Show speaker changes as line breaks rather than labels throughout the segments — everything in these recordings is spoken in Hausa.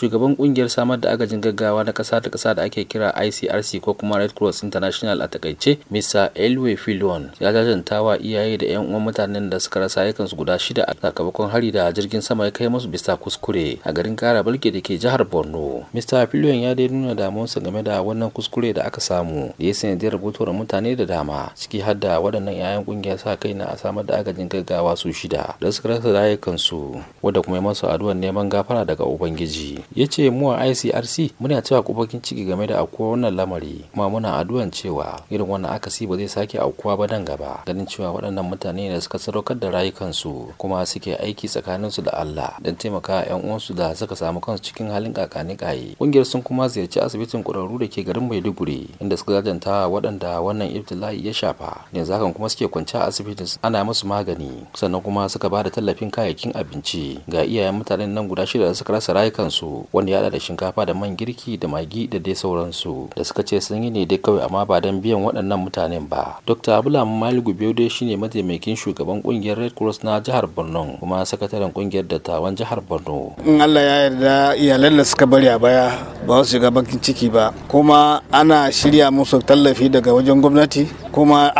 Shugaban kungiyar samar da agajin gaggawa na kasa da kasa da ake kira ICRC ko kuma Red Cross International a takaice, Mr. Elway Filon ya jajanta wa iyaye da 'yan uwan mutanen da suka rasa ayyukansu guda shida a sakamakon hari da jirgin sama ya kai musu bisa kuskure a garin Kara Balke da ke jihar Borno. Mr. Filon ya dai nuna damuwarsa game da wannan kuskure da aka samu da ya sanadiyar gutuwar mutane da dama ciki har da waɗannan 'ya'yan kungiyar sa kai na a samar da agajin gaggawa su shida da suka rasa rayukansu wadda kuma ya masu addu'ar neman gafara daga Ubangiji. ya ce mu a icrc muna cewa bakin ciki game da aukuwa wannan lamari kuma muna addu'an cewa irin wannan akasi ba zai sake aukuwa ba nan gaba ganin cewa waɗannan mutane da suka sadaukar da rayukansu kuma suke aiki tsakaninsu da allah don taimaka yan uwansu da suka samu kansu cikin halin kakani kaye ƙungiyar sun kuma ziyarci asibitin ƙwararru da ke garin maiduguri inda suka zajanta waɗanda wannan ibtila'i ya shafa yanzu hakan kuma suke kwance a asibitin ana musu magani sannan kuma suka ba da tallafin kayayyakin abinci ga iyayen mutanen nan guda shida da suka rasa rayukansu wanda ya da shinkafa da man girki da magi da dai sauransu da suka ce sun yi ne dai kawai amma ba don biyan waɗannan mutanen ba dr abdulham maligu biyu dai shine mataimakin shugaban kungiyar red cross na jihar borno kuma sakataren kungiyar dattawan jihar borno
in allah ya yarda iyalan da suka bari a baya ba su shiga bakin ciki ba kuma ana shirya musu tallafi daga wajen gwamnati kuma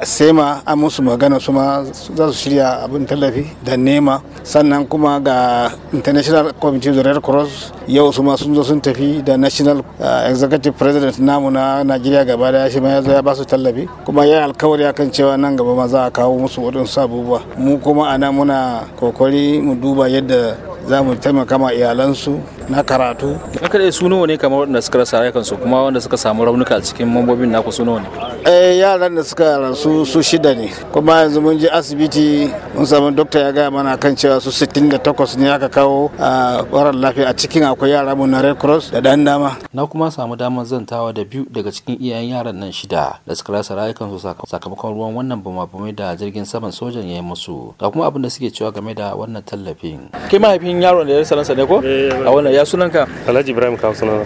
sema a musu magana su ma za su shirya abin tallafi da nema sannan kuma ga international committee of the red cross yau su ma sun zo sun tafi da national eh, executive president namu na najeriya gaba daya shi ma ya zo ya ba su tallafi kuma ya alkawari akan cewa nan gaba ma za a kawo musu waɗansu abubuwa mu kuma ana muna kokari mu duba yadda za mu taimaka ma iyalansu na karatu
na kaɗai su ne kamar wanda suka rasa rayukansu kuma wanda suka samu raunuka a cikin mambobin naku su ne
eh yaran da suka rasu su shida ne kuma yanzu mun je asibiti mun samu dokta ya gaya mana kan cewa su 68 ne aka kawo a ɓarar lafiya a cikin akwai yara mu na red cross da ɗan dama
na kuma samu damar zantawa da biyu daga cikin iyayen yaran nan shida da suka rasa rayukansu sakamakon ruwan wannan bumabumai da jirgin saman sojan ya yi musu ga kuma abin da suke cewa game da wannan tallafin kai mahaifin yaron da ya rasa ne ko eh, a wannan ya
sunanka alhaji ibrahim kawo sunana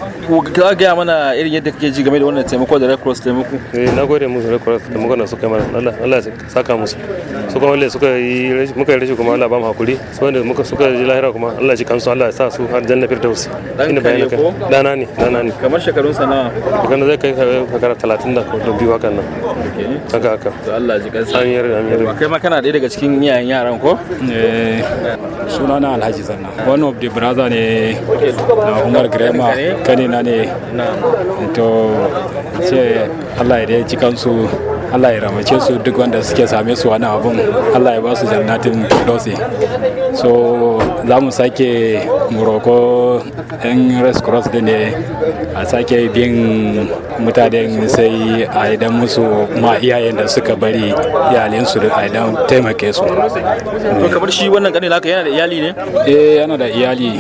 ka gaya mana irin yadda kake ji game da wannan taimako da red cross ta muku? eh na gode musu red cross taimako da suka mana Allah Allah ya saka musu su kuma Allah suka yi muka yi rashi kuma Allah ba mu hakuri su wanda muka suka ji lahira kuma Allah ya ji kansu Allah ya sa su har janna firdausi Ina bayani ka dana ne dana ne kamar shekarun sana kana zai kai kakara 30 da ko biyu haka nan haka haka to Allah ya ji kansa amin yarda amin yarda kai ma kana ɗaya daga cikin iyayen yaran ko eh sunana alhaji zanna one of the brother ne umar grema kanina ne to ce allah ya cikansu Allah ya ramace su duk wanda suke same su wani abun Allah ya ba su jannatin dosi so za mu sake muroko yan red cross din ne a sake bin mutanen sai a idan musu ma iyayen da suka bari su da a idan taimake su kamar shi wannan kanin laka yana da iyali ne eh yana da iyali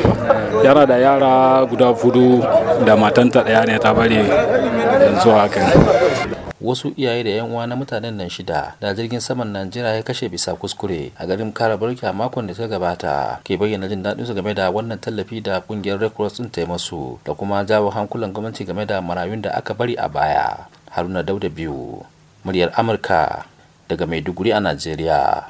yana da yara guda fudu da matanta daya ne ta bari yanzu haka
wasu iyaye da yan uwa na mutanen nan shida da jirgin saman Najeriya ya kashe bisa kuskure a garin Karaburki a makon da ta gabata ke bayyana jin daɗinsu game da wannan tallafi da kungiyar Red Cross ta yi da kuma jawo hankulan gwamnati game da marayun da aka bari a baya. Haruna Dauda biyu muryar Amurka daga Maiduguri a Najeriya.